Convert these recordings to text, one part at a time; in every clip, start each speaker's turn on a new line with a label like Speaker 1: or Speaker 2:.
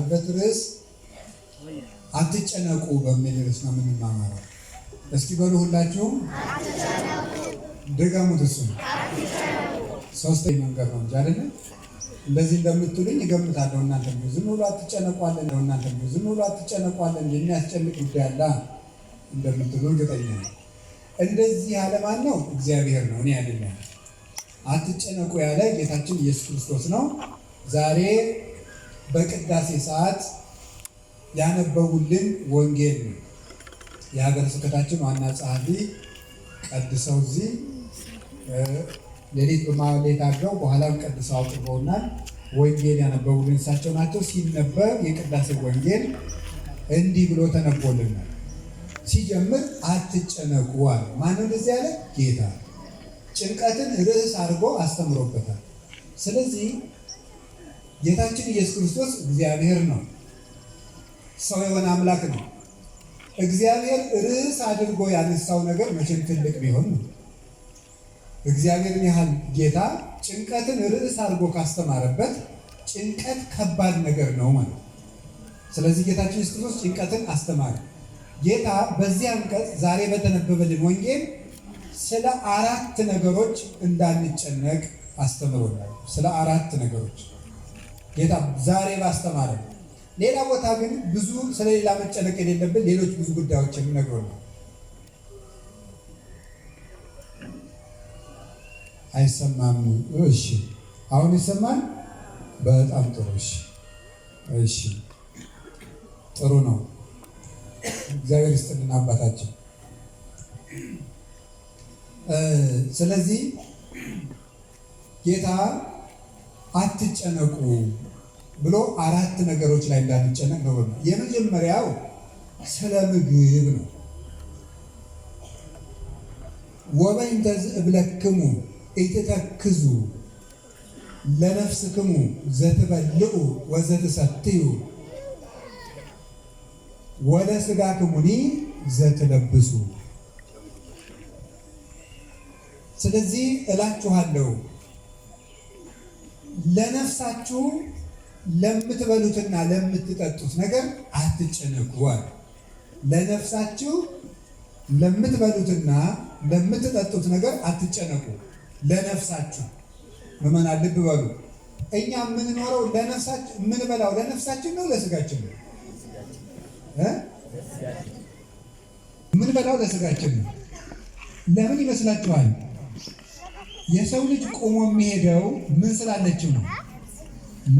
Speaker 1: የምንማርበት ርዕስ አትጨነቁ በሚል ርዕስ ነው የምንማማረው። እስኪ በሉ ሁላችሁም ድገሙት። እሱ ሶስተኝ መንገድ ነው እንጂ አይደለም። እንደዚህ እንደምትሉኝ እገምታለሁ። እናንተ ዝም ብሎ አትጨነቋለን፣ እናንተ ዝም ብሎ አትጨነቋለን፣ የሚያስጨንቅ ጉዳይ አለ እንደምትሉ እርግጠኛ ነው። እንደዚህ ያለ ነው? እግዚአብሔር ነው፣ እኔ አይደለም። አትጨነቁ ያለ ጌታችን ኢየሱስ ክርስቶስ ነው ዛሬ በቅዳሴ ሰዓት ያነበቡልን ወንጌል ነው። የሀገረ ስብከታችን ዋና ጸሐፊ ቀድሰው እዚህ ሌሊት በማሌት አድረው በኋላም ቀድሰው አቅርበውናል። ወንጌል ያነበቡልን እሳቸው ናቸው። ሲነበብ የቅዳሴ ወንጌል እንዲህ ብሎ ተነቦልናል። ሲጀምር አትጨነቁ አለ። ማንም እንደዚህ ያለ ጌታ ጭንቀትን ርዕስ አድርጎ አስተምሮበታል። ስለዚህ ጌታችን ኢየሱስ ክርስቶስ እግዚአብሔር ነው፣ ሰው የሆነ አምላክ ነው። እግዚአብሔር ርዕስ አድርጎ ያነሳው ነገር መቼም ትልቅ ቢሆን ነው። እግዚአብሔርን ያህል ጌታ ጭንቀትን ርዕስ አድርጎ ካስተማረበት ጭንቀት ከባድ ነገር ነው ማለት ነው። ስለዚህ ጌታችን ኢየሱስ ክርስቶስ ጭንቀትን አስተማረ። ጌታ በዚህ አንቀጽ ዛሬ በተነበበልን ወንጌል ስለ አራት ነገሮች እንዳንጨነቅ አስተምሮናል። ስለ አራት ነገሮች ጌታ ዛሬ ባስተማረ። ሌላ ቦታ ግን ብዙ ስለሌላ መጨነቅ የሌለብን ሌሎች ብዙ ጉዳዮች የሚነግሩ ነው። አይሰማም? እሺ፣ አሁን ይሰማል። በጣም ጥሩ። እሺ፣ እሺ፣ ጥሩ ነው። እግዚአብሔር ይስጥልን አባታችን። ስለዚህ ጌታ አትጨነቁ ብሎ አራት ነገሮች ላይ እንዳንጨነቅ ነው። የመጀመሪያው ስለ ምግብ ነው። ወበይንተ እብለክሙ ኢትተክዙ ለነፍስክሙ ዘትበልዑ ወዘትሰትዩ ወለሥጋክሙኒ ዘትለብሱ። ስለዚህ እላችኋለሁ ለነፍሳችሁ ለምትበሉትና ለምትጠጡት ነገር አትጨነቁ። ለነፍሳችሁ ለምትበሉትና ለምትጠጡት ነገር አትጨነቁ። ለነፍሳችሁ ምመና ልብ በሉ። እኛ የምንኖረው ለነፍሳችን የምንበላው ለነፍሳችን ነው ለስጋችን ነው የምንበላው ለስጋችን ነው። ለምን ይመስላችኋል? የሰው ልጅ ቆሞ የሚሄደው ምን ስላለችው ነው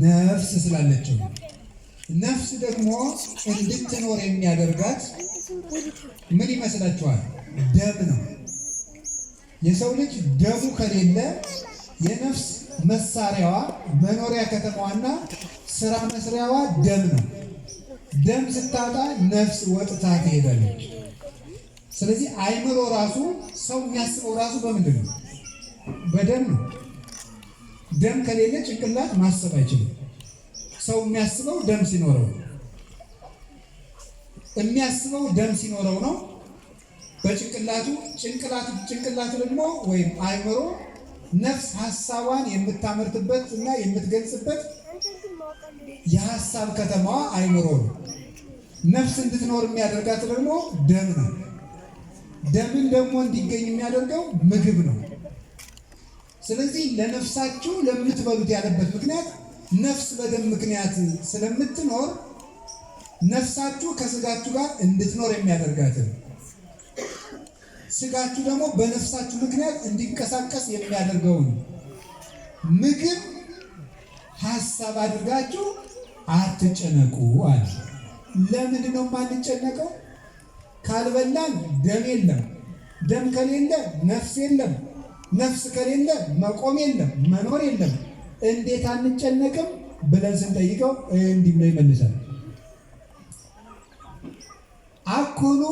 Speaker 1: ነፍስ ስላለችው ነፍስ ደግሞ እንድትኖር የሚያደርጋት ምን ይመስላችኋል? ደም ነው። የሰው ልጅ ደሙ ከሌለ የነፍስ መሳሪያዋ መኖሪያ ከተማዋና ስራ መስሪያዋ ደም ነው። ደም ስታጣ ነፍስ ወጥታ ትሄዳለች። ስለዚህ አይምሮ ራሱ ሰው የሚያስበው ራሱ በምንድን ነው? በደም ነው። ደም ከሌለ ጭንቅላት ማሰብ አይችልም። ሰው የሚያስበው ደም ሲኖረው የሚያስበው ደም ሲኖረው ነው በጭንቅላቱ ጭንቅላቱ ጭንቅላቱ ደግሞ ወይም አእምሮ ነፍስ ሀሳቧን የምታመርትበት እና የምትገልጽበት የሀሳብ ከተማዋ አእምሮ ነው። ነፍስ እንድትኖር የሚያደርጋት ደግሞ ደም ነው። ደምን ደግሞ እንዲገኝ የሚያደርገው ምግብ ነው። ስለዚህ ለነፍሳችሁ ለምትበሉት ያለበት ምክንያት ነፍስ በደም ምክንያት ስለምትኖር ነፍሳችሁ ከስጋችሁ ጋር እንድትኖር የሚያደርጋትን ስጋችሁ ደግሞ በነፍሳችሁ ምክንያት እንዲንቀሳቀስ የሚያደርገውን ምግብ ሀሳብ አድርጋችሁ አትጨነቁ አለ። ለምንድን ነው የማንጨነቀው? ካልበላን ደም የለም። ደም ከሌለ ነፍስ የለም። ነፍስ ከሌለ መቆም የለም መኖር የለም። እንዴት አንጨነቅም ብለን ስንጠይቀው እንዲህ ብሎ ይመልሳል። አኮኑ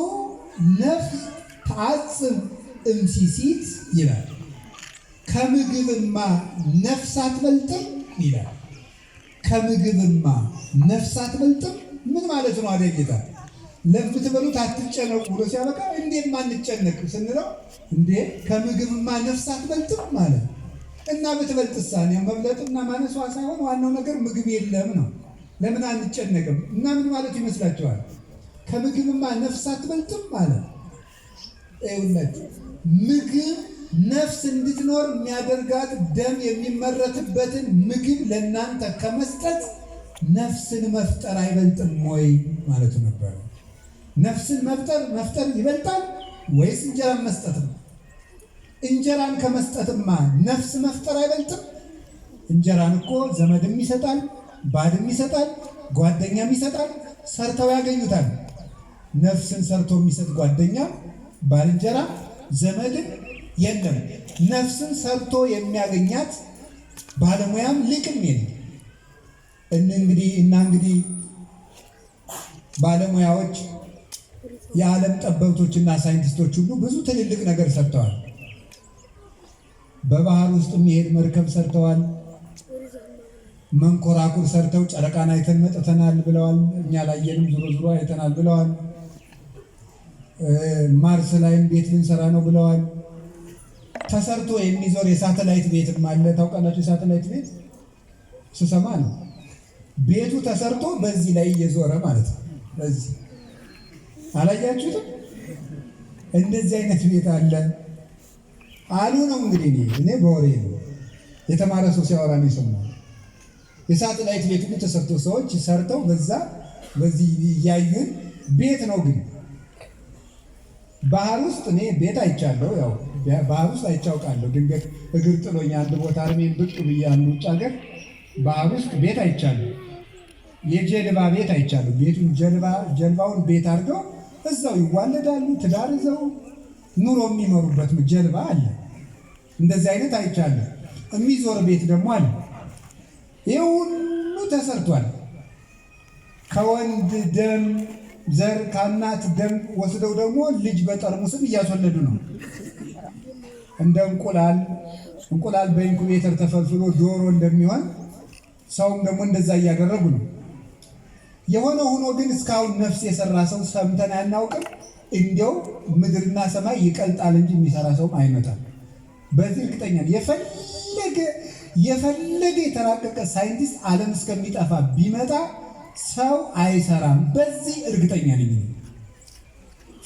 Speaker 1: ነፍስ ተአጽም እምሲሲት ይላል። ከምግብማ ነፍስ አትበልጥም ይላል። ከምግብማ ነፍስ አትበልጥም ምን ማለት ነው? አደጌታ ለምትበሉት አትጨነቁ ብሎ ሲያበቃ እንዴት ማንጨነቅ ስንለው እንዴ ከምግብማ ነፍስ አትበልጥም ማለት እና ብትበልጥሳ መብለጥና ማነሷ ሳይሆን ዋናው ነገር ምግብ የለም ነው። ለምን አንጨነቅም? እና ምን ማለት ይመስላችኋል? ከምግብማ ነፍስ አትበልጥም ማለት ይሁላችሁ። ምግብ ነፍስ እንድትኖር የሚያደርጋት ደም የሚመረትበትን ምግብ ለእናንተ ከመስጠት ነፍስን መፍጠር አይበልጥም ወይ ማለቱ ነበር። ነፍስን መፍጠር መፍጠር ይበልጣል ወይስ እንጀራን መስጠት ነው? እንጀራን ከመስጠትማ ነፍስ መፍጠር አይበልጥም? እንጀራን እኮ ዘመድም ይሰጣል፣ ባልም ይሰጣል፣ ጓደኛም ይሰጣል። ሰርተው ያገኙታል። ነፍስን ሰርቶ የሚሰጥ ጓደኛ ባልንጀራ፣ ዘመድም የለም። ነፍስን ሰርቶ የሚያገኛት ባለሙያም ሊቅም የለም። እንግዲህ እና እንግዲህ ባለሙያዎች የዓለም ጠበብቶችና ሳይንቲስቶች ሁሉ ብዙ ትልልቅ ነገር ሰርተዋል። በባህር ውስጥ የሚሄድ መርከብ ሰርተዋል። መንኮራኩር ሰርተው ጨረቃን አይተን መጥተናል ብለዋል። እኛ ላየንም ዞሮ ዞሮ አይተናል ብለዋል። ማርስ ላይም ቤት ልንሰራ ነው ብለዋል። ተሰርቶ የሚዞር የሳተላይት ቤትም አለ። ታውቃላችሁ? የሳተላይት ቤት ስሰማ ነው ቤቱ ተሰርቶ በዚህ ላይ እየዞረ ማለት ነው በዚህ አላያችሁትም? እንደዚህ አይነት ቤት አለ አሉ ነው እንግዲህ። እኔ በወሬ ነው የተማረ ሰው ሲያወራ ነው የሰማው። የሳተላይት ቤት ግን ተሰርቶ ሰዎች ሰርተው በዛ በዚህ እያዩን ቤት ነው ግን ባህር ውስጥ እኔ ቤት አይቻለሁ። ያው ባህር ውስጥ አይቻውቃለሁ። ድንገት እግር ጥሎኝ አንድ ቦታ እርሜን ብቅ ብያለሁ። ውጭ ሀገር ባህር ውስጥ ቤት አይቻለሁ። የጀልባ ቤት አይቻለሁ። ቤቱን ጀልባውን ቤት አድርገው እዛው ይዋለዳሉ። ትዳር ይዘው ኑሮ የሚመሩበት ጀልባ አለ። እንደዚህ አይነት አይቻለ። የሚዞር ቤት ደግሞ አለ። ይህ ሁሉ ተሰርቷል። ከወንድ ደም ዘር ከእናት ደም ወስደው ደግሞ ልጅ በጠርሙስም እያስወለዱ ነው። እንደ እንቁላል እንቁላል በኢንኩቤተር ተፈልፍሎ ዶሮ እንደሚሆን ሰውም ደግሞ እንደዛ እያደረጉ ነው። የሆነ ሆኖ ግን እስካሁን ነፍስ የሰራ ሰው ሰምተን አናውቅም። እንዲያው ምድርና ሰማይ ይቀልጣል እንጂ የሚሰራ ሰውም አይመጣም። በዚህ እርግጠኛ የፈለገ የፈለገ የተራቀቀ ሳይንቲስት ዓለም እስከሚጠፋ ቢመጣ ሰው አይሰራም። በዚህ እርግጠኛ ነኝ።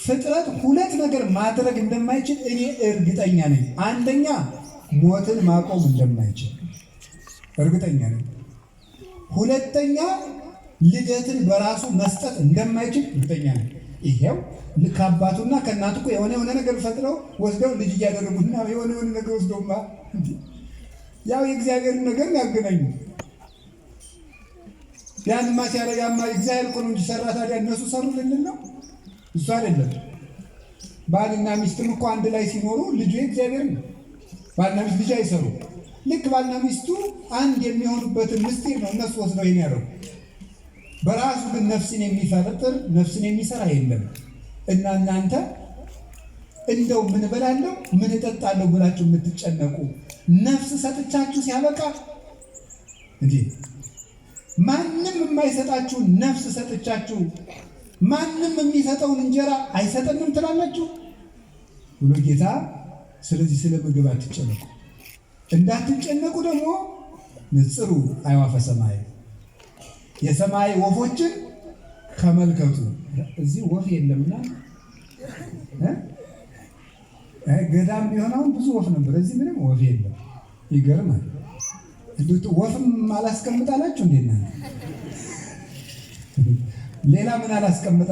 Speaker 1: ፍጥረት ሁለት ነገር ማድረግ እንደማይችል እኔ እርግጠኛ ነኝ። አንደኛ ሞትን ማቆም እንደማይችል እርግጠኛ ነኝ። ሁለተኛ ልደትን በራሱ መስጠት እንደማይችል እርግጠኛ ነው። ይሄው ከአባቱና ከእናቱ እኮ የሆነ የሆነ ነገር ፈጥረው ወስደው ልጅ እያደረጉትና የሆነ የሆነ ነገር ወስደውማ ያው የእግዚአብሔርን ነገር ያገናኙ ያንማ ሲያረጋማ እግዚአብሔር እኮ ነው እንጂ ሰራ። ታዲያ እነሱ ሰሩ ልንል ነው? እሱ አይደለም። ባልና ሚስትም እኮ አንድ ላይ ሲኖሩ ልጁ እግዚአብሔር ነው። ባልና ሚስት ልጅ አይሰሩ። ልክ ባልና ሚስቱ አንድ የሚሆኑበትን ምስጢር ነው እነሱ ወስደው ይሄን ያደረጉ በራሱ ግን ነፍስን የሚፈጥር ነፍስን የሚሰራ የለም እና እናንተ እንደው ምን እበላለሁ ምን እጠጣለሁ ብላችሁ የምትጨነቁ ነፍስ ሰጥቻችሁ ሲያበቃ እንዴ ማንም የማይሰጣችሁን ነፍስ ሰጥቻችሁ ማንም የሚሰጠውን እንጀራ አይሰጠንም ትላላችሁ ብሎ ጌታ። ስለዚህ ስለ ምግብ አትጨነቁ። እንዳትጨነቁ ደግሞ ንጽሩ አዕዋፈ ሰማይ የሰማይ ወፎችን ተመልከቱ። እዚህ ወፍ የለምና ገዳም ቢሆነውን ብዙ ወፍ ነበር። እዚህ ምንም ወፍ የለም። ይገርማል። ወፍም አላስቀምጣላችሁ እንዴና ሌላ ምን አላስቀምጣ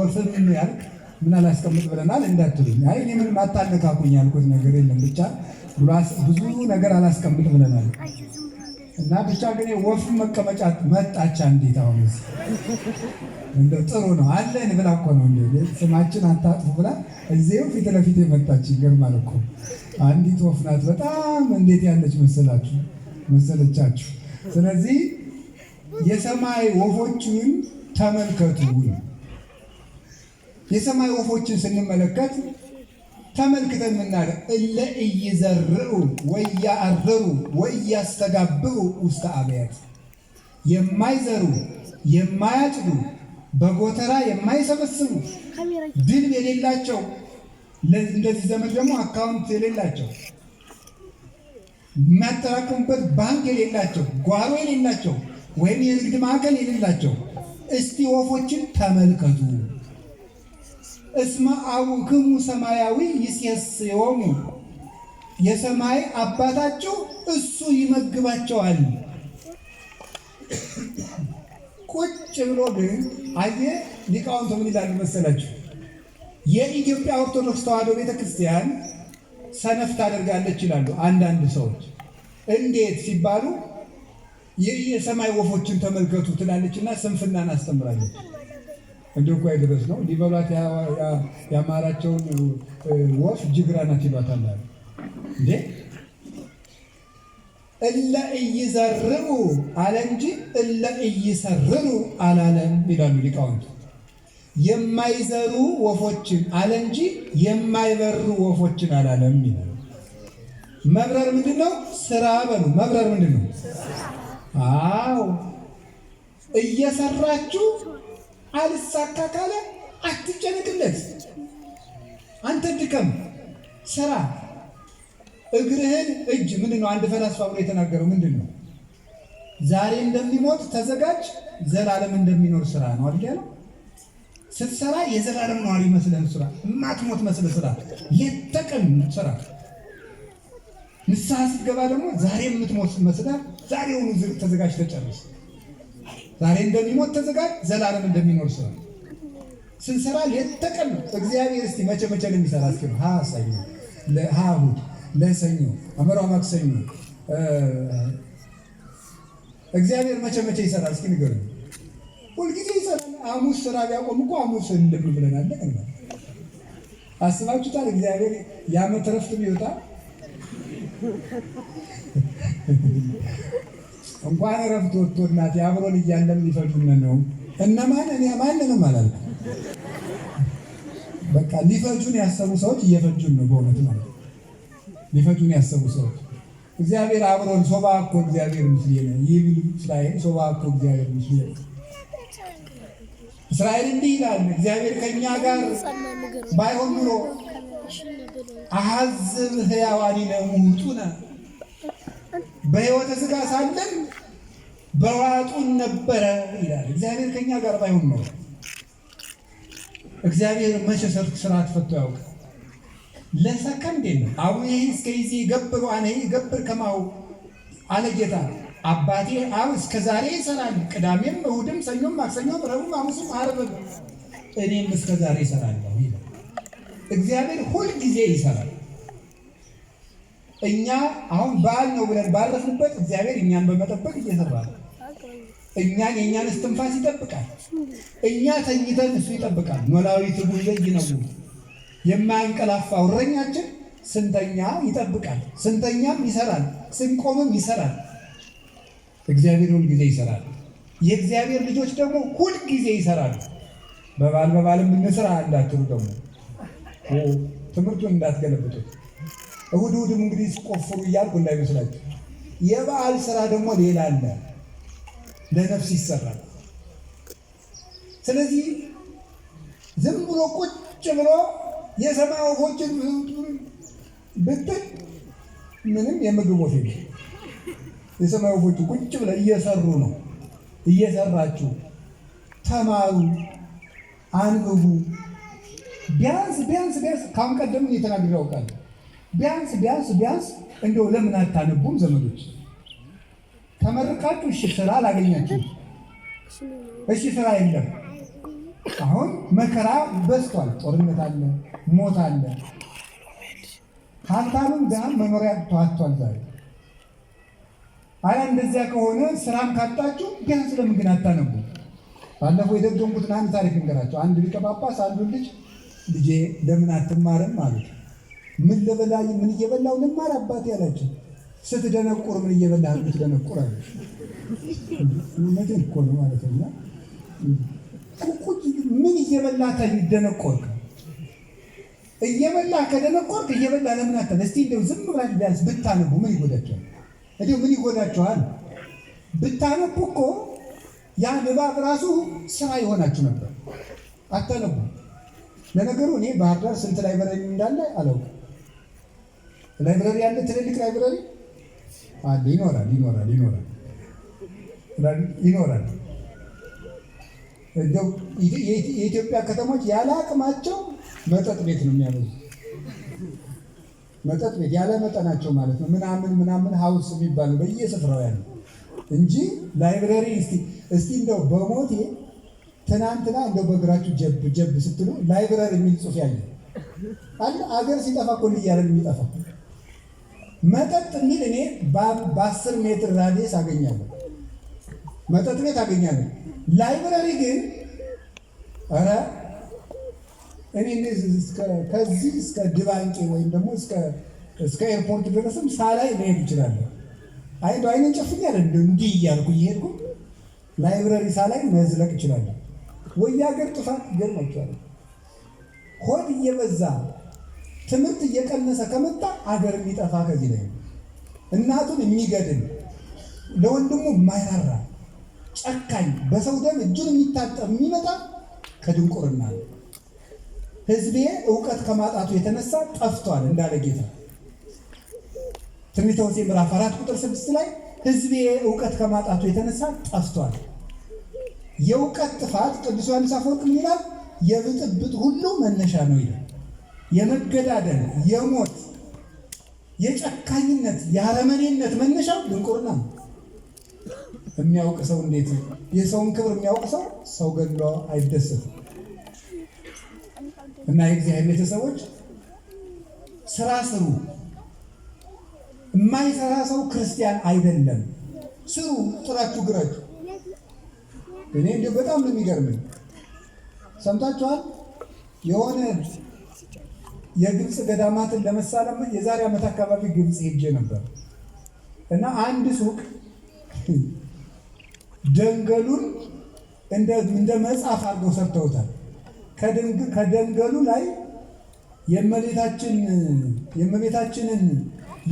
Speaker 1: ወፍም ያልክ ምን አላስቀምጥ ብለናል እንዳትሉኝ። አይ እኔ ምንም አታነካኩኝ ያልኩት ነገር የለም ብቻ ብዙ ነገር አላስቀምጥ ብለናል። እና ብቻ ግን ወፍ መቀመጫ መጣች። አንዲት አሁን እንደ ጥሩ ነው አለን ብላ እኮ ነው እንደ ስማችን አታጥፉ ብላ እዚው ፊት ለፊት የመጣች ይገርማል እኮ አንዲት ወፍ ናት። በጣም እንዴት ያለች መሰላችሁ መሰለቻችሁ። ስለዚህ የሰማይ ወፎችን ተመልከቱ። የሰማይ ወፎችን ስንመለከት ተመልክተን ምናደ እለ እይዘርዑ ወያአርሩ ወያስተጋብሩ ውስተ አብያት የማይዘሩ የማያጭዱ በጎተራ የማይሰበስቡ ድል የሌላቸው እንደዚህ ዘመድ ደግሞ አካውንት የሌላቸው የሚያጠራቅሙበት ባንክ የሌላቸው ጓሮ የሌላቸው ወይም የንግድ ማዕከል የሌላቸው እስቲ ወፎችን ተመልከቱ። እስመ አቡክሙ ሰማያዊ ይሴስዮሙ የሰማይ አባታችሁ እሱ ይመግባቸዋል። ቁጭ ብሎ ግን አየ ሊቃውንቱ ምን ይላሉ መሰላችሁ? የኢትዮጵያ ኦርቶዶክስ ተዋሕዶ ቤተክርስቲያን ሰነፍ ታደርጋለች ይላሉ አንዳንድ ሰዎች። እንዴት ሲባሉ የሰማይ ወፎችን ተመልከቱ ትላለችና ስንፍናን አስተምራለች። እንዲንኳይ አይደረስ ነው ሊበሏት ያማራቸውን ወፍ ጅግራ ናት ይሏታል። እንዴ እለ እይዘርሩ አለ እንጂ እለ እይሰርሩ አላለም ይላሉ ሊቃውንቱ። የማይዘሩ ወፎችን አለ እንጂ የማይበሩ ወፎችን አላለም ይላሉ። መብረር ምንድን ነው? ስራ በሉ። መብረር ምንድን ነው? አዎ እየሰራችሁ አልሳካ ካለ አትጨነቅለት። አንተ ድከም፣ ስራ እግርህን እጅ ምንድን ነው? አንድ ፈላስፋ ብሎ የተናገረው ምንድን ነው? ዛሬ እንደሚሞት ተዘጋጅ፣ ዘላለም እንደሚኖር ስራ ነው አይደል ስትሰራ የዘላለም ነዋሪ መስለን ስራ፣ የማትሞት መስለ ስራ፣ የተቀን ስራ። ንስሐ ስትገባ ደግሞ ዛሬ የምትሞት መስለ ዛሬውኑ ተዘጋጅ፣ ተጨርስ። ዛሬ እንደሚሞት ተዘጋጅ፣ ዘላለም እንደሚኖር ሰው ስንሰራ ሌት ተቀን እግዚአብሔር እስቲ መቼ መቼ ነው የሚሰራ? እስኪ ነው ሀ ሰኞ፣ ለሀ እሑድ፣ ለሰኞ አመራ ማክሰኞ እግዚአብሔር መቼ መቼ ይሰራል? እስኪ ንገሩ። ሁልጊዜ ይሰራል። ሐሙስ ስራ ቢያቆም እኮ ሐሙስ እንደምን ብለናል? አስባችሁታል? እግዚአብሔር የዓመት እረፍት ይወጣል እንኳን እረፍት ወጥቶ እናቴ አብሮን እያለም ሊፈጁን ነው። እነማን እኔ ማንንም አላልኩም። በቃ ሊፈጁን ያሰቡ ሰዎች እየፈጁን ነው። በእውነት ማለት ሊፈጁን ያሰቡ ሰዎች እግዚአብሔር አብሮን ሶባ እኮ እግዚአብሔር ምስሌነ ይብል እስራኤል ሶባ እኮ እግዚአብሔር ምስሌ እስራኤል እንዲህ ይላል፣ እግዚአብሔር ከእኛ ጋር ባይሆን ኑሮ አሐዝብ ሕያዋኒነ ውጡነ በሕይወተ ሥጋ ሳለን በዋጡን ነበረ ይላል። እግዚአብሔር ከኛ ጋር ባይሆን ነው። እግዚአብሔር መቼ ሰርክ ስርዓት ፈቶ ያውቃል። ለሰከንድ የለም። አቡዬ እስከይዜ ገብሩ አነ ገብር ከማው አለ ጌታ አባቴ አብ እስከ ዛሬ ይሰራል። ቅዳሜም፣ እሁድም፣ ሰኞም፣ ማክሰኞም፣ ረቡዕም፣ ሐሙስም ዓርብም እኔም እስከ ዛሬ ይሰራለሁ ይላል። እግዚአብሔር ሁልጊዜ ይሰራል። እኛ አሁን በዓል ነው ብለን ባረፍንበት እግዚአብሔር እኛን በመጠበቅ እየሰራ ነው። እኛን የእኛን እስትንፋስ ይጠብቃል። እኛ ተኝተን እሱ ይጠብቃል። ኖላዊ ትጉህ ይለይ ነው የማያንቀላፋው እረኛችን ስንተኛ ይጠብቃል፣ ስንተኛም ይሰራል፣ ስንቆምም ይሰራል። እግዚአብሔር ሁልጊዜ ይሰራል። የእግዚአብሔር ልጆች ደግሞ ጊዜ ይሰራሉ። በባል በባልም ብንስራ እንዳትሉ ደግሞ ትምህርቱን እንዳትገለብጡት እሑድ እሑድም እንግዲህ ቆፍሩ እያልኩ እንዳይመስላችሁ። የበዓል ስራ ደግሞ ሌላ አለ፣ ለነፍስ ይሰራል። ስለዚህ ዝም ብሎ ቁጭ ብሎ የሰማይ ወፎችን ብትል ምንም የምግብ ወፍ የለም። የሰማይ ወፎቹ ቁጭ ብለው እየሰሩ ነው። እየሰራችሁ ተማሩ፣ አንብቡ። ቢያንስ ቢያንስ ቢያንስ ከአሁን ቀደም እየተናገረ ያውቃል ቢያንስ ቢያንስ ቢያንስ እንደው ለምን አታነቡም? ዘመዶች ተመርቃችሁ እሺ፣ ስራ አላገኛችሁ፣ እሺ፣ ስራ የለም። አሁን መከራ በዝቷል። ጦርነት አለ፣ ሞት አለ። ሀብታምም ድሃም መኖሪያ ተዋጥቷል። ዛሬ አያ እንደዚያ ከሆነ ስራም ካጣችሁ ቢያንስ ለምን ግን አታነቡ? ባለፈው የደገምኩትን አንድ ታሪክ እንገራቸው። አንድ ሊቀ ጳጳስ አንዱን ልጅ ልጄ ለምን አትማርም አሉት። ምን ልበላ ምን እየበላው ልማር አባቴ አላቸው። ስትደነቁር ምን እየበላ ስትደነቁር አለ። እውነቴን እኮ ነው ማለት ነው። ምን እየበላ ደነቆርክ? እየበላ ከደነቆርክ እየበላ ለምን አታል? እስቲ እንደው ዝም ብላችሁ ቢያንስ ብታነቡ ምን ይጎዳቸዋል? እንዲሁ ምን ይጎዳቸዋል? ብታነቡ እኮ ያ ንባብ ራሱ ስራ የሆናችሁ ነበር። አታነቡ። ለነገሩ እኔ ባህር ዳር ስንት ላይብረሪ እንዳለ አላውቅም። ላይብራሪ ያለ ትልልቅ ላይብራሪ አለ። ይኖራል ይኖራል ይኖራል ይኖራል። የኢትዮጵያ ከተሞች ያለ አቅማቸው መጠጥ ቤት ነው የሚያበዙ። መጠጥ ቤት ያለ መጠናቸው ማለት ነው። ምናምን ምናምን ሀውስ የሚባለ በየስፍራው ያለ እንጂ ላይብራሪ እስቲ እስቲ እንደው በሞቴ ትናንትና እንደው በእግራችሁ ጀብ ጀብ ስትሉ ላይብራሪ የሚል ጽሑፍ ያለ አገር ሲጠፋ እኮ እያለን የሚጠፋ መጠጥ የሚል እኔ በአስር ሜትር ራዲየስ አገኛለሁ። መጠጥ ቤት አገኛለሁ። ላይብረሪ ግን ኧረ እኔ ከዚህ እስከ ድባንቄ ወይም ደግሞ እስከ ኤርፖርት ድረስም ሳላይ መሄድ እችላለሁ። አይ አይኔን ጨፍኛ እንደ እንዲህ እያልኩ እየሄድኩ ላይብረሪ ሳላይ መዝለቅ እችላለሁ። ወይ የሀገር ጥፋት ገርማቸዋል። ሆድ እየበዛ ትምህርት እየቀነሰ ከመጣ አገር የሚጠፋ ከዚህ ላይ እናቱን የሚገድል ለወንድሙ የማይራራ ጨካኝ፣ በሰው ደም እጁን የሚታጠብ የሚመጣ ከድንቁርና ነው። እውቀት ከማጣቱ የተነሳ ጠፍቷል እንዳለ ጌታ ትንቢተ ሆሴዕ ምዕራፍ አራት ቁጥር ስድስት ላይ ህዝቤ እውቀት ከማጣቱ የተነሳ ጠፍቷል። የእውቀት ጥፋት ቅዱስ ዮሐንስ አፈወርቅ ይላል? የብጥብጥ ሁሉ መነሻ ነው ይላል። የመገዳደል፣ የሞት፣ የጨካኝነት፣ የአረመኔነት መነሻው ድንቁርና ነው። የሚያውቅ ሰው እንዴት የሰውን ክብር የሚያውቅ ሰው ሰው ገድሎ አይደሰትም። እና የእግዚአብሔር ቤተሰቦች ስራ ስሩ። የማይሰራ ሰው ክርስቲያን አይደለም። ስሩ፣ ጥራችሁ ግረችሁ። እኔ እንዲሁ በጣም ነው የሚገርመኝ። ሰምታችኋል የሆነ የግብፅ ገዳማትን ለመሳለም የዛሬ ዓመት አካባቢ ግብፅ ሄጄ ነበር እና አንድ ሱቅ ደንገሉን እንደ መጽሐፍ አድርገው ሰርተውታል። ከደንገሉ ላይ የመቤታችንን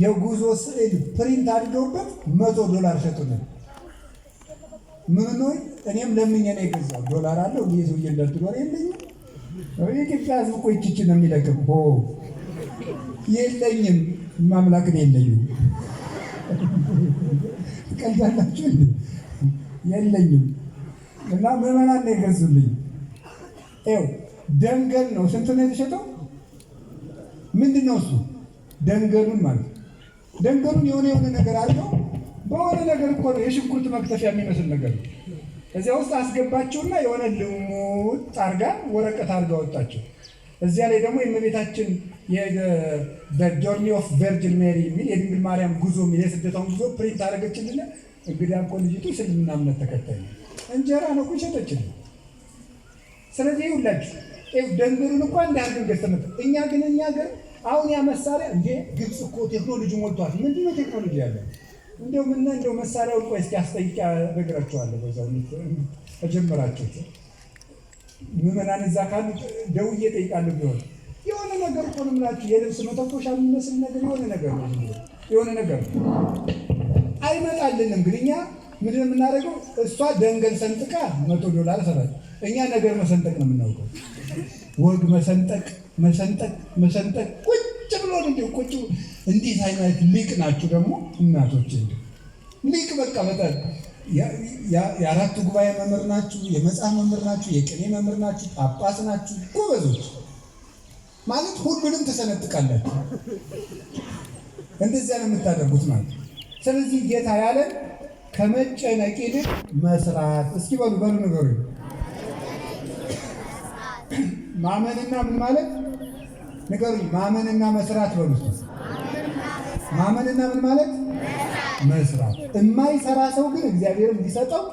Speaker 1: የጉዞ ስዕል ፕሪንት አድርገውበት መቶ ዶላር ሸጡልን። ምን እኔም ለምኜ ነው የገዛው። ዶላር አለው ይህ ሰውዬ እንደልትኖር የለኝም የኢትዮጵያ ሕዝብ እኮ ይችችን ነው የሚለቅም። የለኝም ማምላክን የለኝም። ቀልዳላችሁ የለኝም እና ምዕመናን ነው የገዙልኝ። ይኸው ደንገል ነው። ስንት ነው የተሸጠው? ምንድን ነው እሱ? ደንገሉን ማለት ደንገሉን የሆነ የሆነ ነገር አለው። በሆነ ነገር እኮ ነው የሽንኩርት መክተፊያ የሚመስል ነገር ነው። እዚያ ውስጥ አስገባቸውና የሆነ ልሙጥ አርጋ ወረቀት አርጋ ወጣቸው። እዚያ ላይ ደግሞ የእመቤታችን ጆርኒ ኦፍ ቨርጅን ሜሪ የሚል የድንግል ማርያም ጉዞ የሚል የስደቷን ጉዞ ፕሪንት አደረገችልን። እንግዲህ አንኮ ልጅቱ እስልምና እምነት ተከታይ እንጀራ ነው ሸጠችል። ሸጠችልን። ስለዚህ ይሁላችሁ ደንገሩን እንኳ እንዳያርግን ገዝተመት እኛ ግን እኛ ገር አሁን ያ መሳሪያ እንዴ ግብፅ እኮ ቴክኖሎጂ ሞልቷል። ምንድነው ቴክኖሎጂ ያለው እንደው ምና እንደው መሳሪያው እኮ እስኪ አስጠይቅ ነግራቸዋለሁ። በዛው ተጀመራቸው ምዕመናን እዛ ካሉ ደውዬ እጠይቃለሁ። ቢሆን የሆነ ነገር እኮ ነው የምላችሁ የልብስ መተኮሻ የሚመስል ነገር የሆነ ነገር ነው የሆነ ነገር አይመጣልንም ግን እኛ ምንድን ነው የምናደርገው? እሷ ደንገል ሰንጥቃ መቶ ዶላር ሰራች። እኛ ነገር መሰንጠቅ ነው የምናውቀው። ወግ መሰንጠቅ መሰንጠቅ መሰንጠቅ ብሎ እንዲሁ ቁጭ እንዴት አይነት ሊቅ ናችሁ ደግሞ እናቶች! እንዲሁ ሊቅ በቃ በጣም የአራቱ ጉባኤ መምህር ናችሁ፣ የመጽሐፍ መምህር ናችሁ፣ የቅኔ መምህር ናችሁ፣ ጳጳስ ናችሁ። ጎበዞች ማለት ሁሉንም ተሰነጥቃላችሁ። እንደዚያ ነው የምታደርጉት ማለት። ስለዚህ ጌታ ያለን ከመጨነቅ ይልቅ መስራት። እስኪ በሉ በሉ ነገሩ ማመንና ምን ማለት ንገሩኝ። ማመንና መስራት በሉት። ማመንና ምን ማለት መስራት። የማይሰራ ሰው ግን እግዚአብሔርን ሊሰጠው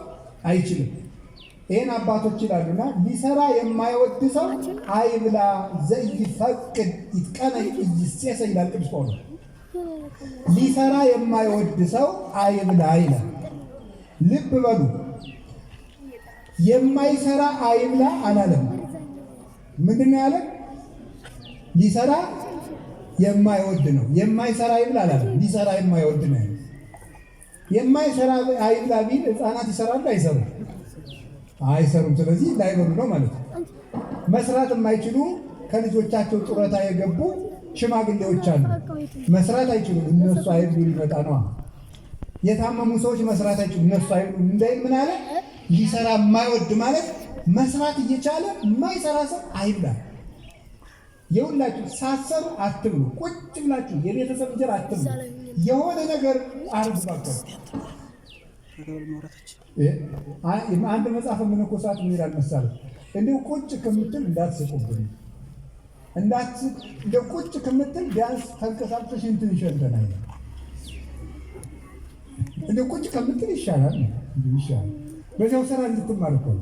Speaker 1: አይችልም። ይህን አባቶች ይላሉና ሊሰራ የማይወድ ሰው አይብላ ዘይፈቅድ ይጥቀነ ይሴሰ ይላል ቅዱስ ጳውሎስ። ሊሰራ የማይወድ ሰው አይብላ ይላል። ልብ በሉ የማይሰራ አይብላ አላለም። ምንድን ነው ያለ? ሊሰራ የማይወድ ነው። የማይሰራ ይብላ አላለ። ሊሰራ የማይወድ ነው። የማይሰራ አይብላ ቢል ህፃናት ይሰራሉ? አይሰሩ? አይሰሩም። ስለዚህ ላይበሉ ነው ማለት ነው። መስራት የማይችሉ ከልጆቻቸው ጡረታ የገቡ ሽማግሌዎች አሉ። መስራት አይችሉም። እነሱ አይብሉ ሊመጣ ነዋ። የታመሙ ሰዎች መስራት አይችሉም። እነሱ አይብሉ እንዳይ ምን አለ? ሊሰራ የማይወድ ማለት መስራት እየቻለ የማይሰራ ሰው አይብላል። የሁላችሁ ሳሰሩ አትብሉ። ቁጭ ብላችሁ የቤተሰብ እንጀራ አትብሉ። የሆነ ነገር አርጉባቸው። አንድ መጽሐፍ መነኮሳት የሚላል መሳለ እንዲሁ ቁጭ ከምትል እንዳትስቁብን፣ እንደ ቁጭ ከምትል ቢያንስ ተንቀሳቅሰሽ እንትን ይሸልተናል። እንደ ቁጭ ከምትል ይሻላል ይሻላል። በዚያው ስራ እንድትማር ነው